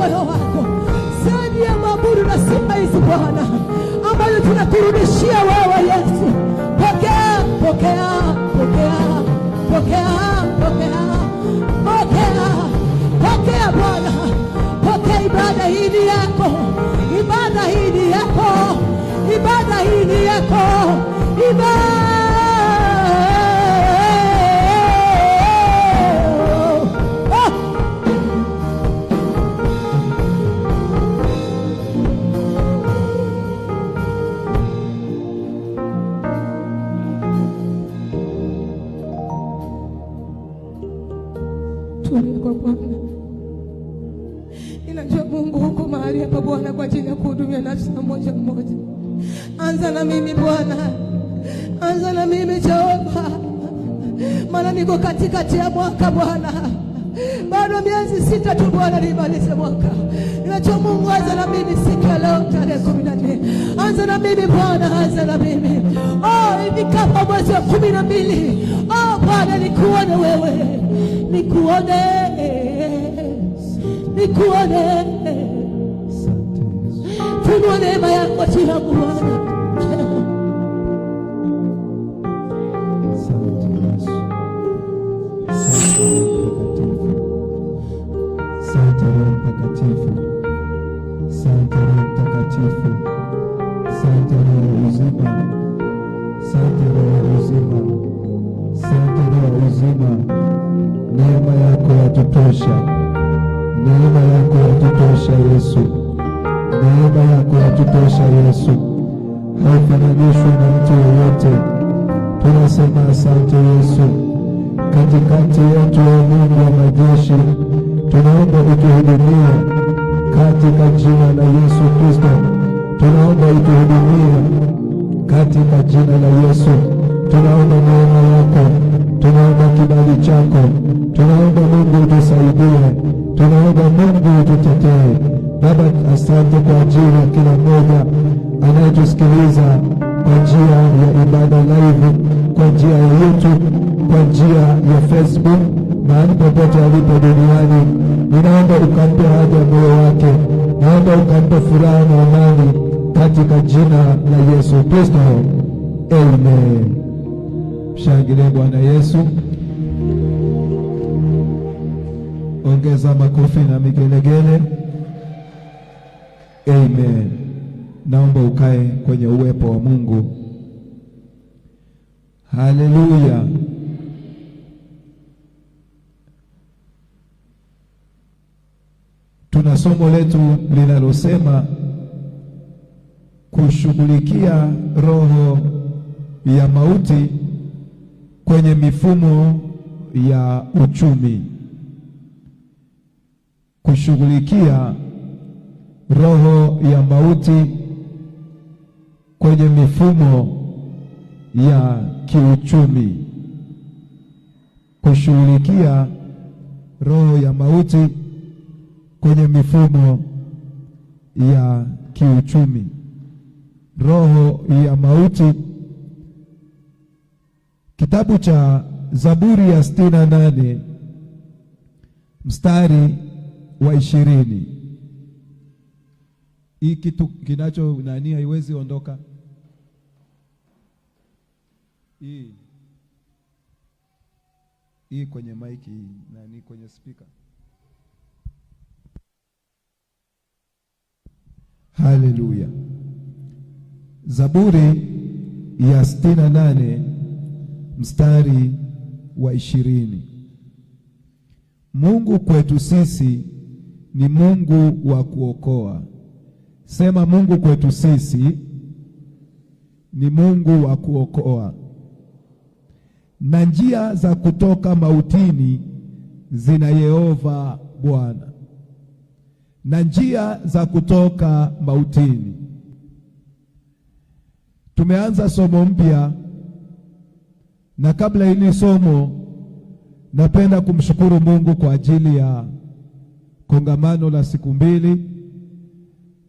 moyo wako, zaidi ya mabudu na sifa hizi Bwana ambayo tunakurudishia wewe Yesu. Pokea, pokea, pokea, pokea, pokea, pokea, pokea Bwana, pokea ibada hii yako, ibada hii yako, ibada hii yako, ibada Ninajua Mungu huko mahali hapa Bwana, kwa ajili ya kuhudumia nafsi na mmoja mmoja. Anza na mimi Bwana, anza na mimi Jehova, maana niko katikati ya mwaka Bwana, bado miezi sita tu Bwana nimalize mwaka. Ninajua Mungu, anza na mimi siku ya leo tarehe kumi na nne. Anza na mimi Bwana, anza na mimi oh, ifikapo mwezi wa kumi na mbili oh Bwana nikuone wewe, nikuone nikuone. Funua neema yako tena Bwana. Neema yako yatutosha neema yako yatutosha Yesu, neema yako yatutosha Yesu, haifananishwi na mtu yoyote Tunasema asante Yesu, katikati yetu ya Mungu wa majeshi, tunaomba utuhudumia katika jina la Yesu Kristo, tunaomba utuhudumia katika jina la Yesu, tunaomba neema yako, tunaomba kibali chako, tunaomba Mungu utusaidie kwa Mungu tutetee. Baba, asante kwa ajili ya kila mmoja anayetusikiliza kwa njia ya ibada live, kwa njia ya YouTube, kwa njia ya Facebook, mahali popote alipo duniani, ninaomba ukampe haja moyo wake, naomba ukampe furaha na amani katika jina la Yesu Kristo, amen. Shangilie Bwana Yesu. Ongeza makofi na migelegele. Amen. Naomba ukae kwenye uwepo wa Mungu. Haleluya. Tuna somo letu linalosema kushughulikia roho ya mauti kwenye mifumo ya uchumi kushughulikia roho ya mauti kwenye mifumo ya kiuchumi, kushughulikia roho ya mauti kwenye mifumo ya kiuchumi, roho ya mauti. Kitabu cha Zaburi ya sitini na nane mstari wa ishirini. Hii kitu kinacho nani haiwezi ondoka hii hii kwenye maiki nani kwenye spika. Haleluya! Zaburi ya sitini na nane mstari wa ishirini. Mungu kwetu sisi ni Mungu wa kuokoa. Sema, Mungu kwetu sisi ni Mungu wa kuokoa, na njia za kutoka mautini zina Yehova Bwana, na njia za kutoka mautini. Tumeanza somo mpya, na kabla hili somo, napenda kumshukuru Mungu kwa ajili ya kongamano la siku mbili,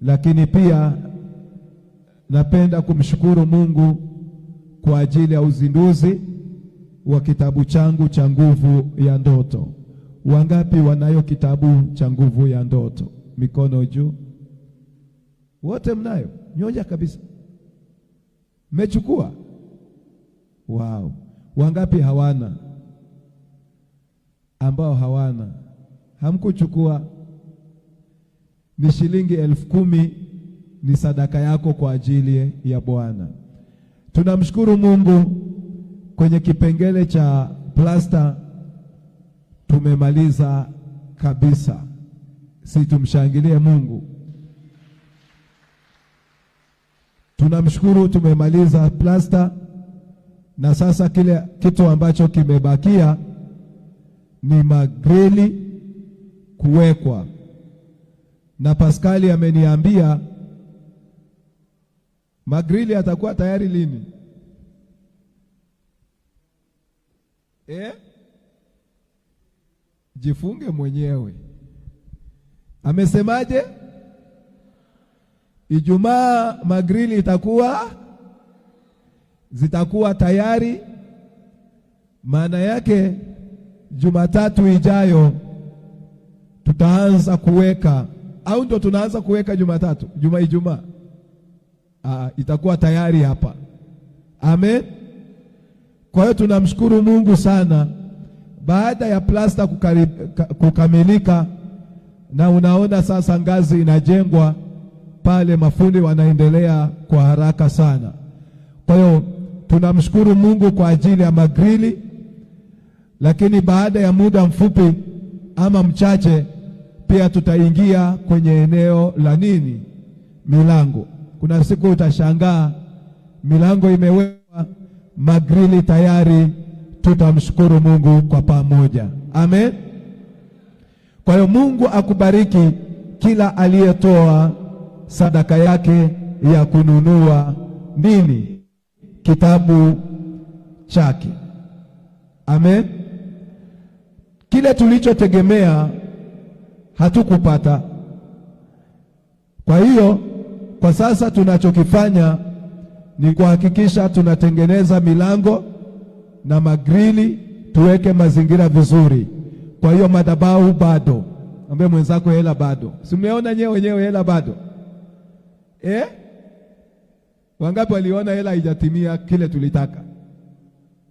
lakini pia napenda kumshukuru Mungu kwa ajili ya uzinduzi wa kitabu changu cha Nguvu ya Ndoto. Wangapi wanayo kitabu cha Nguvu ya Ndoto? Mikono juu. Wote mnayo? Nyoja kabisa. Mmechukua? Wow. Wangapi hawana? Ambao hawana hamkuchukua. Ni shilingi elfu kumi, ni sadaka yako kwa ajili ya Bwana. Tunamshukuru Mungu kwenye kipengele cha plasta tumemaliza kabisa, si tumshangilie Mungu. Tunamshukuru, tumemaliza plasta, na sasa kile kitu ambacho kimebakia ni magrili kuwekwa, na Paskali ameniambia magrili atakuwa tayari lini eh? Jifunge mwenyewe. Amesemaje? Ijumaa magrili itakuwa zitakuwa tayari, maana yake Jumatatu ijayo tutaanza kuweka au ndo tunaanza kuweka Jumatatu, juma Ijumaa ah, ah, itakuwa tayari hapa. Amen. Kwa hiyo tunamshukuru Mungu sana baada ya plasta kukamilika, na unaona sasa ngazi inajengwa pale, mafundi wanaendelea kwa haraka sana. Kwa hiyo tunamshukuru Mungu kwa ajili ya magrili, lakini baada ya muda mfupi ama mchache pia tutaingia kwenye eneo la nini, milango. Kuna siku utashangaa milango imewekwa magrili tayari. Tutamshukuru Mungu kwa pamoja, amen. Kwa hiyo Mungu akubariki kila aliyetoa sadaka yake ya kununua nini, kitabu chake, amen. Kile tulichotegemea hatukupata. Kwa hiyo kwa sasa tunachokifanya ni kuhakikisha tunatengeneza milango na magrili, tuweke mazingira vizuri. Kwa hiyo madhabahu bado, ambaye mwenzako hela bado, si mmeona nyewe wenyewe hela bado eh? Wangapi waliona hela haijatimia kile tulitaka?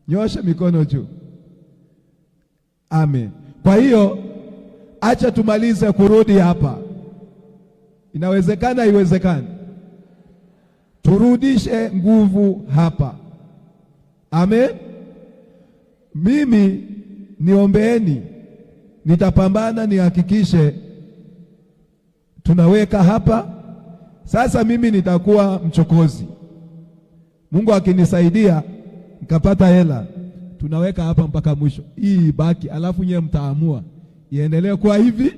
Nyosha mikono juu. Amen. Kwa hiyo acha tumalize kurudi hapa. Inawezekana, haiwezekani? Turudishe nguvu hapa. Amen. Mimi niombeeni, nitapambana nihakikishe tunaweka hapa. Sasa mimi nitakuwa mchokozi, Mungu akinisaidia nikapata hela, tunaweka hapa mpaka mwisho, hii ibaki, alafu nyewe mtaamua iendelee kuwa hivi.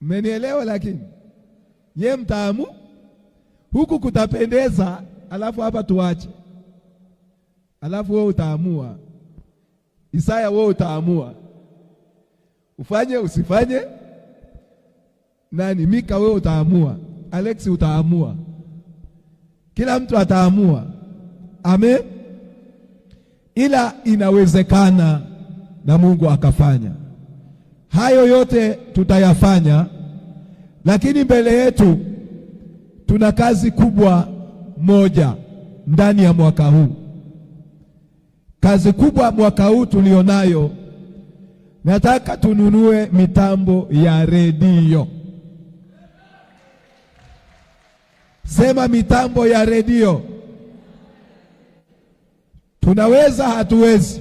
Mmenielewa? Lakini ye mtaamu, huku kutapendeza, alafu hapa tuache, alafu wewe utaamua. Isaya, wewe utaamua ufanye usifanye. Nani? Mika, wewe utaamua. Alexi, utaamua. Kila mtu ataamua. Amen ila inawezekana na Mungu akafanya hayo yote. Tutayafanya, lakini mbele yetu tuna kazi kubwa moja ndani ya mwaka huu. Kazi kubwa mwaka huu tulionayo, nataka tununue mitambo ya redio. Sema mitambo ya redio. Tunaweza hatuwezi?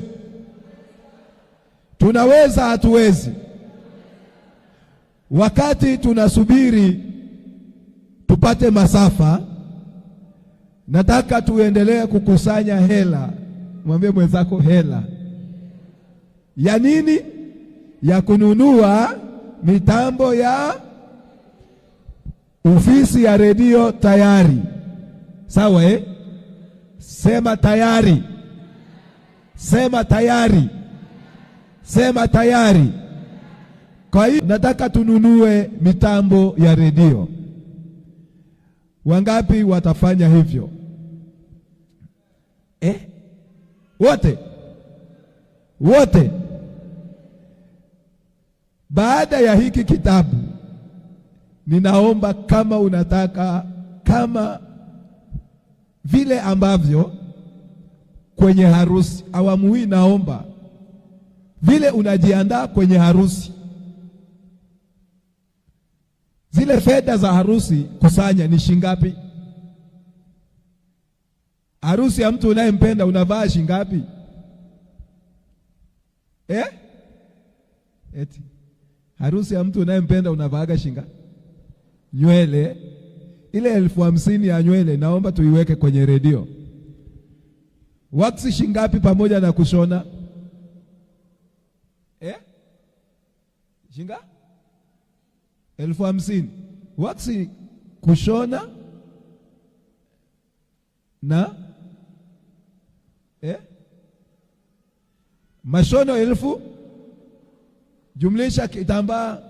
Tunaweza hatuwezi? Wakati tunasubiri tupate masafa, nataka tuendelee kukusanya hela. Mwambie mwenzako hela ya nini? Ya kununua mitambo ya ofisi ya redio tayari. Sawa eh? Sema tayari. Sema tayari, sema tayari. Kwa hiyo nataka tununue mitambo ya redio. Wangapi watafanya hivyo eh? Wote, wote. Baada ya hiki kitabu, ninaomba kama unataka, kama vile ambavyo kwenye harusi. Awamu hii naomba vile unajiandaa kwenye harusi, zile fedha za harusi kusanya ni shingapi? Harusi ya mtu unayempenda unavaa shingapi eh? Eti harusi ya mtu unayempenda unavaaga shinga Nywele ile elfu hamsini ya nywele naomba tuiweke kwenye redio. Waksi shingapi pamoja na kushona eh? Shinga elfu hamsini waksi kushona na eh? mashono elfu jumlisha kitambaa.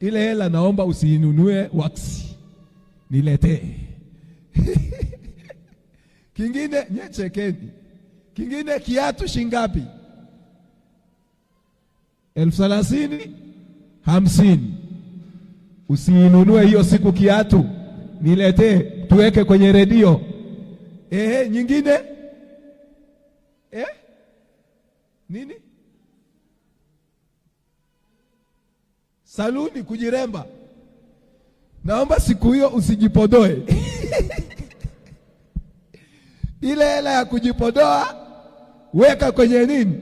Ile hela naomba usinunue waksi, niletee kingine nye kingine kiatu shingapi? elfu thelathini hamsini. Usiinunue hiyo siku kiatu, niletee tuweke kwenye redio. Ehe, nyingine eh? Nini saluni, kujiremba. Naomba siku hiyo usijipodoe ile hela ya kujipodoa weka kwenye nini?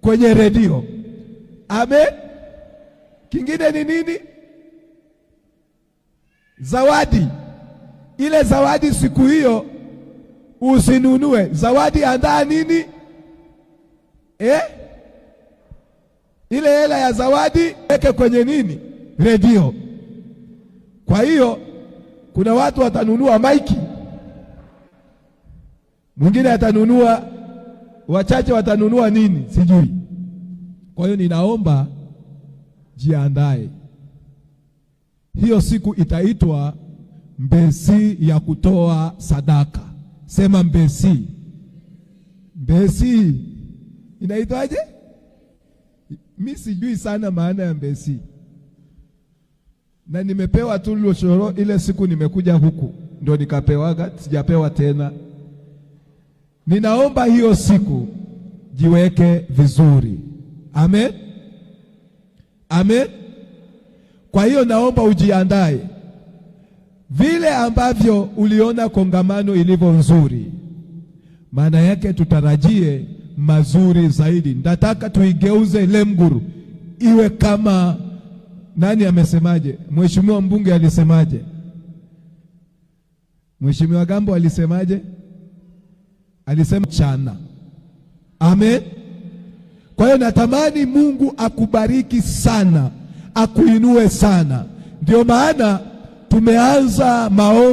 Kwenye redio. Amen. Kingine ni nini? Zawadi. Ile zawadi siku hiyo usinunue zawadi, andaa nini eh? Ile hela ya zawadi weke kwenye nini? Redio. Kwa hiyo kuna watu watanunua maiki mwingine atanunua, wachache watanunua nini, sijui. Kwa hiyo ninaomba jiandae, hiyo siku itaitwa mbesi ya kutoa sadaka. Sema mbesi. Mbesi inaitwaje? Mi sijui sana maana ya mbesi, na nimepewa tu loshoro ile siku nimekuja huku, ndio nikapewaga, sijapewa tena. Ninaomba hiyo siku jiweke vizuri. Amen, amen. Kwa hiyo naomba ujiandae vile ambavyo uliona kongamano ilivyo nzuri, maana yake tutarajie mazuri zaidi. Nataka tuigeuze Lemguru iwe kama nani amesemaje? Mheshimiwa mbunge alisemaje? Mheshimiwa Gambo alisemaje? alisema chana. Amen. Kwa hiyo natamani Mungu akubariki sana, akuinue sana, ndio maana tumeanza maombi.